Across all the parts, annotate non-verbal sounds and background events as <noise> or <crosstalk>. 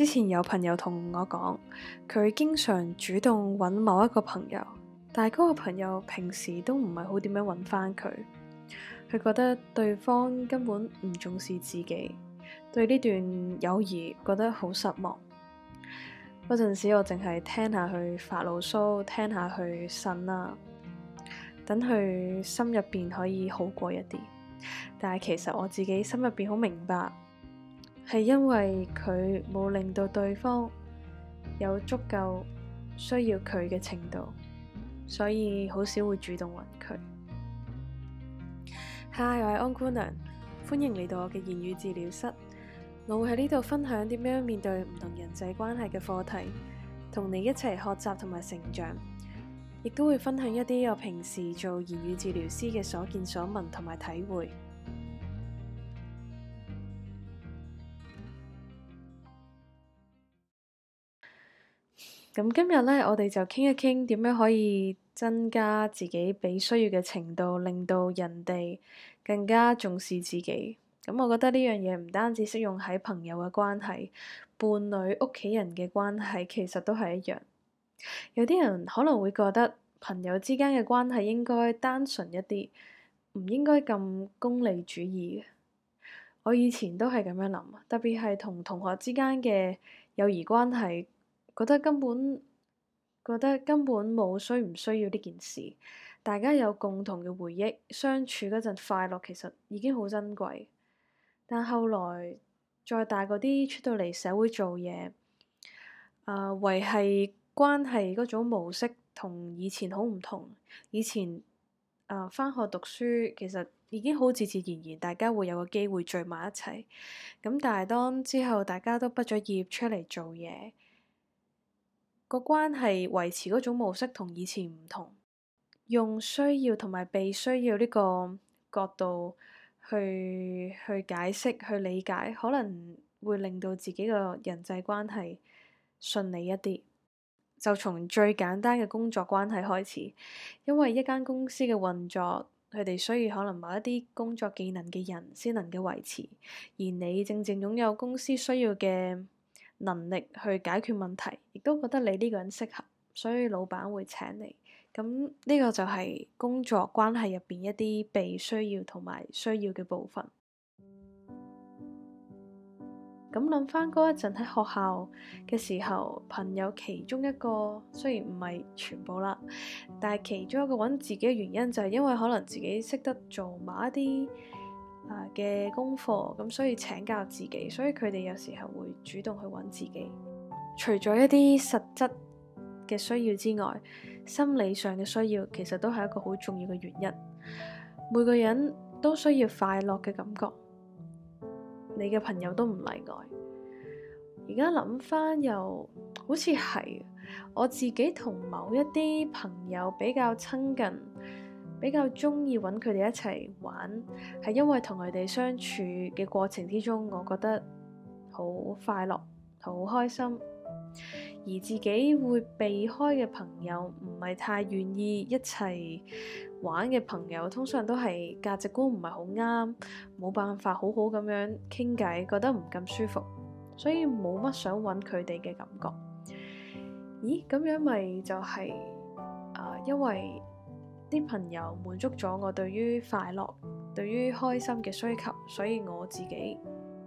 之前有朋友同我講，佢經常主動揾某一個朋友，但係嗰個朋友平時都唔係好點樣揾返佢，佢覺得對方根本唔重視自己，對呢段友誼覺得好失望。嗰陣時我淨係聽下佢發牢騷，聽下佢呻啦，等佢心入邊可以好過一啲。但係其實我自己心入邊好明白。係因為佢冇令到對方有足夠需要佢嘅程度，所以好少會主動揾佢。嗨，我係安姑娘，歡迎嚟到我嘅言語治療室。我會喺呢度分享點樣面對唔同人際關係嘅課題，同你一齊學習同埋成長，亦都會分享一啲我平時做言語治療師嘅所見所聞同埋體會。咁今日咧，我哋就傾一傾點樣可以增加自己俾需要嘅程度，令到人哋更加重視自己。咁、嗯、我覺得呢樣嘢唔單止適用喺朋友嘅關係、伴侶、屋企人嘅關係，其實都係一樣。有啲人可能會覺得朋友之間嘅關係應該單純一啲，唔應該咁功利主義。我以前都係咁樣諗，特別係同同學之間嘅友誼關係。覺得根本覺得根本冇需唔需要呢件事。大家有共同嘅回憶，相處嗰陣快樂，其實已經好珍貴。但後來再大個啲出到嚟，社會做嘢，誒，維繫關係嗰種模式同以前好唔同。以前誒翻、呃、學讀書，其實已經好自自然然，大家會有個機會聚埋一齊。咁但係當之後大家都畢咗業出嚟做嘢。個關係維持嗰種模式同以前唔同，用需要同埋被需要呢個角度去去解釋，去理解，可能會令到自己個人際關係順利一啲。就從最簡單嘅工作關係開始，因為一間公司嘅運作，佢哋需要可能某一啲工作技能嘅人先能夠維持，而你正正擁有公司需要嘅能力去解決問題，亦都覺得你呢個人適合，所以老闆會請你。咁呢個就係工作關係入邊一啲被需要同埋需要嘅部分。咁諗翻嗰一陣喺學校嘅時候，朋友其中一個雖然唔係全部啦，但係其中一個揾自己嘅原因就係因為可能自己識得做某一啲嘅功課，咁所以請教自己，所以佢哋有時候會主動去揾自己。除咗一啲實質嘅需要之外，心理上嘅需要其實都係一個好重要嘅原因。每個人都需要快樂嘅感覺，你嘅朋友都唔例外。而家諗返，又好似係我自己同某一啲朋友比較親近。比較中意揾佢哋一齊玩，係因為同佢哋相處嘅過程之中，我覺得好快樂、好開心。而自己會避開嘅朋友，唔係太願意一齊玩嘅朋友，通常都係價值觀唔係好啱，冇辦法好好咁樣傾偈，覺得唔咁舒服，所以冇乜想揾佢哋嘅感覺。咦？咁樣咪就係啊，呃，因為啲朋友滿足咗我對於快樂、對於開心嘅需求，所以我自己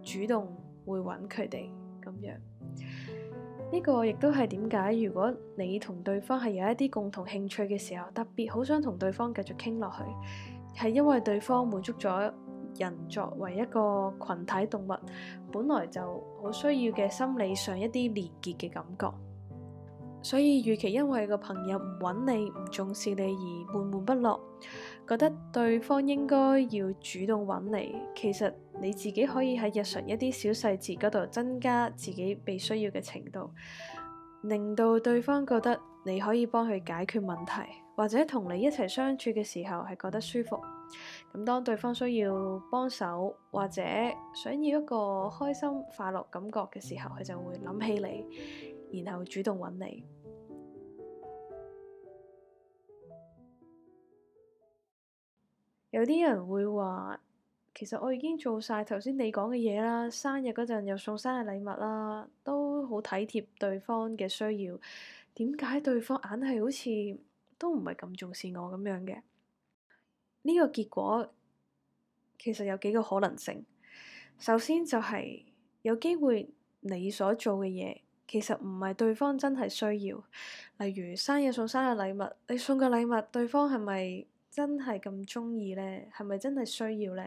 主動會揾佢哋咁樣。呢個亦都係點解，如果你同對方係有一啲共同興趣嘅時候，特別好想同對方繼續傾落去，係因為對方滿足咗人作為一個群體動物，本來就好需要嘅心理上一啲連結嘅感覺。所以與其因為個朋友唔搵你唔重視你而悶悶不樂，覺得對方應該要主動搵你。其實你自己可以喺日常一啲小細節嗰度增加自己被需要嘅程度，令到對方覺得你可以幫佢解決問題，或者同你一齊相處嘅時候係覺得舒服。咁當對方需要幫手或者想要一個開心快樂感覺嘅時候，佢就會諗起你，然後主動搵你。有啲人會話，其實我已經做晒頭先你講嘅嘢啦，生日嗰陣又送生日禮物啦，都好體貼對方嘅需要。點解對方硬係好似都唔係咁重視我咁樣嘅？呢個結果其實有幾個可能性。首先就係，有機會你所做嘅嘢其實唔係對方真係需要，例如生日送生日禮物，你送嘅禮物對方係咪真係咁中意呢？係咪真係需要呢？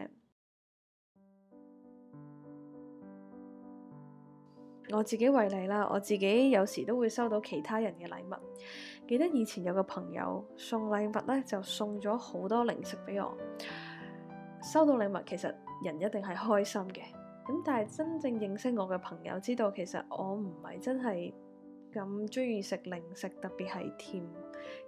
我自己為例啦，我自己有時都會收到其他人嘅禮物。記得以前有個朋友送禮物呢，就送咗好多零食俾我。收到禮物其實人一定係開心嘅，咁但係真正認識我嘅朋友知道，其實我唔係真係咁中意食零食，特別係甜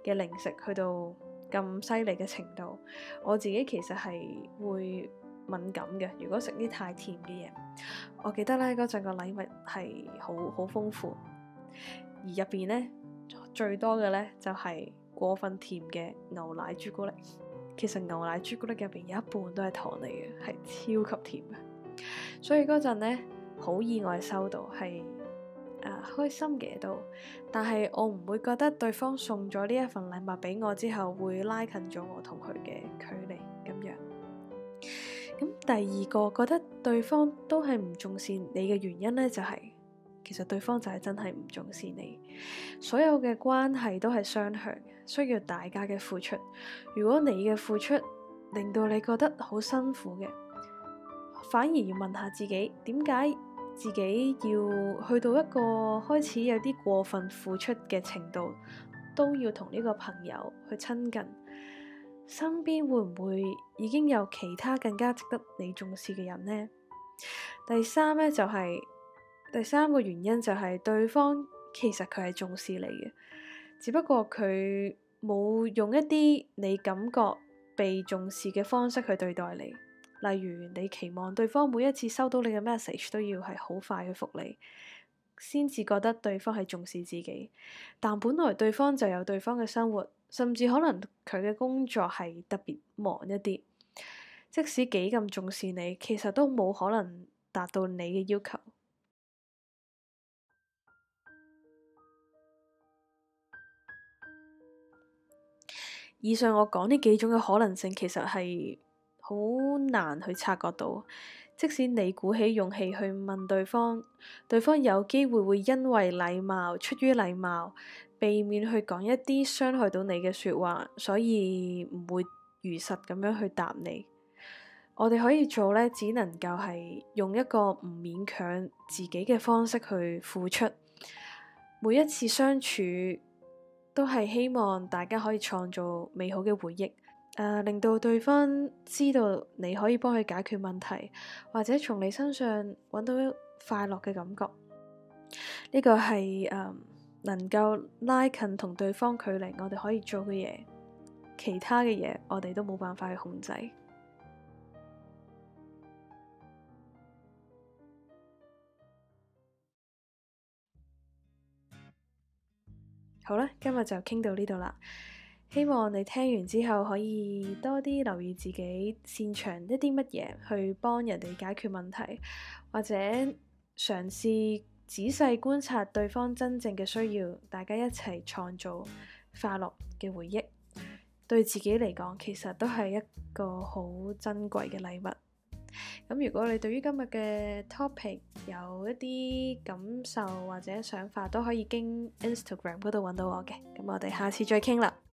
嘅零食，去到……咁犀利嘅程度，我自己其實係會敏感嘅。如果食啲太甜嘅嘢，我記得咧嗰陣個禮物係好好豐富，而入邊咧最多嘅咧就係、是、過分甜嘅牛奶朱古力。其實牛奶朱古力入邊有一半都係糖嚟嘅，係超級甜嘅。所以嗰陣咧好意外收到係。誒、啊，開心嘅都，但係我唔會覺得對方送咗呢一份禮物俾我之後，會拉近咗我同佢嘅距離咁樣。咁、嗯、第二個覺得對方都係唔重視你嘅原因呢、就是，就係其實對方就係真係唔重視你。所有嘅關係都係雙向，需要大家嘅付出。如果你嘅付出令到你覺得好辛苦嘅，反而要問下自己，點解？自己要去到一個開始有啲過分付出嘅程度，都要同呢個朋友去親近。身邊會唔會已經有其他更加值得你重視嘅人呢？第三咧，就係第三個原因就係對方其實佢係重視你嘅，只不過佢冇用一啲你感覺被重視嘅方式去對待你。例如，你期望對方每一次收到你嘅 message 都要係好快去覆你，先至覺得對方係重視自己。但本來對方就有對方嘅生活，甚至可能佢嘅工作係特別忙一啲。即使幾咁重視你，其實都冇可能達到你嘅要求。以上我講呢幾種嘅可能性，其實係，好難去察覺到，即使你鼓起勇氣去問對方，對方有機會會因為禮貌，出於禮貌，避免去講一啲傷害到你嘅說話，所以唔會如實咁樣去答你。我哋可以做呢，只能夠係用一個唔勉強自己嘅方式去付出。每一次相處，都係希望大家可以創造美好嘅回憶。Uh, 令到對方知道你可以幫佢解決問題，或者從你身上揾到快樂嘅感覺，呢個係、uh, 能夠拉近同對方距離，我哋可以做嘅嘢。其他嘅嘢，我哋都冇辦法去控制。 <music> 好啦，今日就傾到呢度啦。希望你聽完之後可以多啲留意自己擅長一啲乜嘢，去幫人哋解決問題，或者嘗試仔細觀察對方真正嘅需要，大家一齊創造快樂嘅回憶，對自己嚟講其實都係一個好珍貴嘅禮物。咁如果你對於今日嘅 topic 有一啲感受或者想法，都可以經 Instagram 嗰度揾到我嘅。咁我哋下次再傾啦～